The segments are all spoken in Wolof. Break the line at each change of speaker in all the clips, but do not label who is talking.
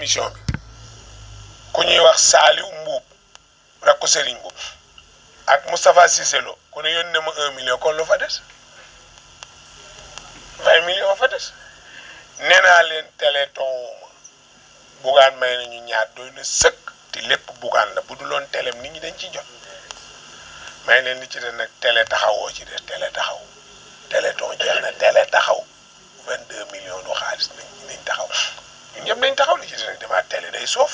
émission bi ku ñuy wax Saliou Mbuub rakku Serigne Mbuub ak Moustapha Cissé ku ne yónnee ma un million kon lu fa des vingt million fa des nee naa leen téléthon ma bugaan may nañu ñaar doy na sëkk te lépp bugaan la bu du loon teleem nit ñi dañ ci jot may leen li ci des nag télé taxawoo ci des télé taxaw téléthon jeex na télé taxaw vingt deux millions du xaalis nañ taxaw ñun ñëpp nañ taxaw li ci dina demaat télé day soof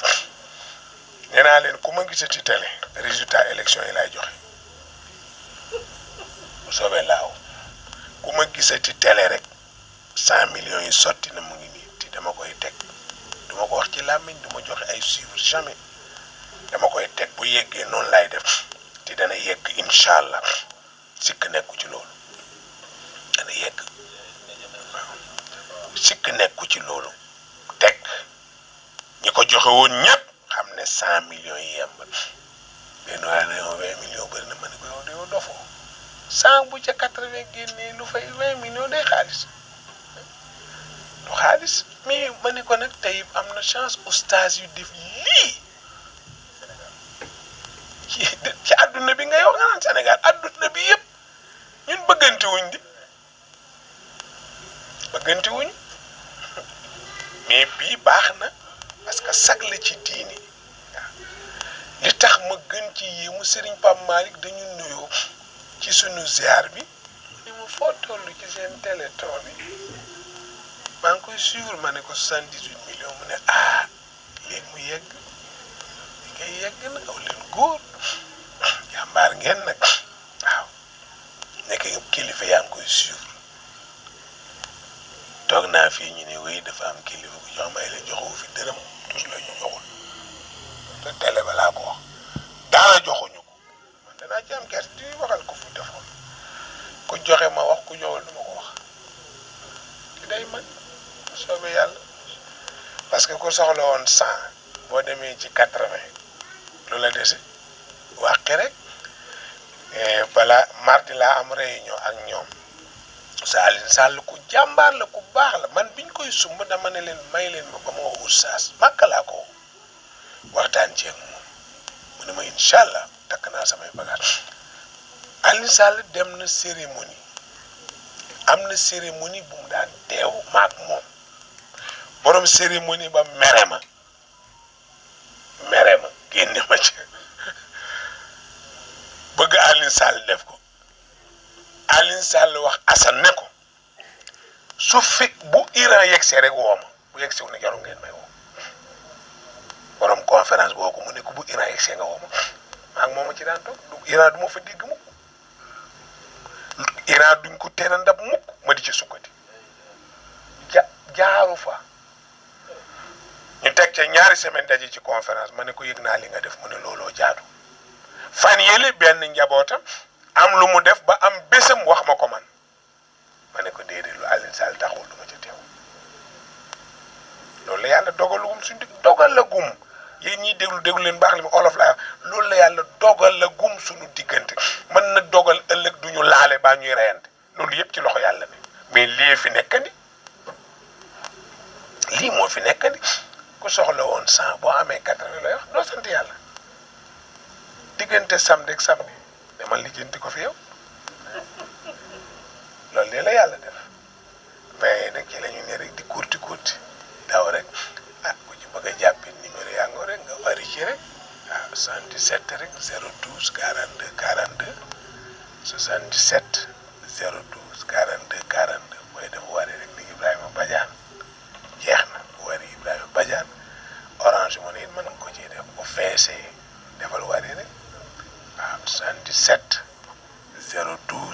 nee naa leen ku ma gisati télé résultat élection yi laay joxe bu soobee laaw ku ma gisati télé rek cent millions yi sotti na mu ngi nii te dama koy teg duma ko wax ci làmmiñ duma joxe ay chiffres jamais dama koy teg bu yeggee noonu laay def te dana yegg incha allah sikk nekku ci loolu dana yegg sikk nekku ci loolu joxe woon ñëpp xam ne cent millions yi benn waaye ne yow vingt millions bëri na ma ne ko yow dofoo cent bu ca quatre-vingt génnee lu fay vingt millions day xaalis du xaalis mais ma ne ko nag tey am na chance oustaz yu def lii ci àdduna bi nga yow nga naan Sénégal àdduna bi yëpp ñun bëggante wuñ di bëggante bii baax na parce que sag la ci diini li tax ma gën ci yéemu Serigne Pape Malick dañu nuyoo ci sunu ziar bi ni mu foo toll ci seen téléthon bi maa ngi koy suur ma ne ko soixante-dix-huit millions mu ne ah léegi mu yegg li ngay yegg na aw leen góor jàmbaar ngeen nag waaw nekk yëpp kilifa yaa ngi koy suivre toog naa fii ñu ne wéy dafa am kilifa ku jox may la joxu fi dërëm te télé ba laa ko wax joxe ma wax ku joxul du ko wax te demee ci quatre-vingt lu la dese wàqi rek balaa mardi laa am réunion ak ñoom Saalin Sall ku jàmbaar la ku baax la man biñ koy sumb dama ne leen may leen ma ba oustaz màkka laa ko waxtaan ceeg moom mu ne ma incha allah takk naa samay bagaas Aliou dem na cérémonie am na cérémonie bu mu daan teew maak moom borom cérémonie ba mere ma mere ma génne ma ci bëgg Aliou def ko Aliou wax Assane ne ko su fekk bu Iran yegg rek woo bu yegg si wu ne jarul ngeen may woo borom conférence boo ko mu ne bu Iran yegg see nga woo ma maa ngi moom ci daan toog du Iran fa dégg mukk Iran duñ ko teel a ndab mukk ma di ci sukkati ja jaaru fa ñu teg ca ñaari semaine daje ci conférence ma ne ko yëg naa li nga def mu ne looloo jaadu fan yële benn njabootam am lu mu def ba am bésam wax ma ko man ma ne ko déedéet lu Alioune Sall taxul loolu la yàlla dogalagum suñu digg dogalagum yéen ñiy déglu déglu leen baax li ma olof laa loolu la yàlla dogalagum suñu diggante mën na dogal ëllëg du ñu laale baa ñuy reyante loolu yëpp ci loxo yàlla bi mais lii fi nekkandi lii moo fi nekkandi ku soxla boo amee quatre-vingts lay sant yàlla diggante samedi ak samedi dama lijjanti ko fi yow loolu de la yàlla def mais nag ci 012 42 42 77 012 42 42 mooy dafa wari rek ni Ibrahima Badiane jeex na bu wari Ibrahima Badiane orange mu ne it ko ciy def bu feesee defal wari rek waaw 77 012.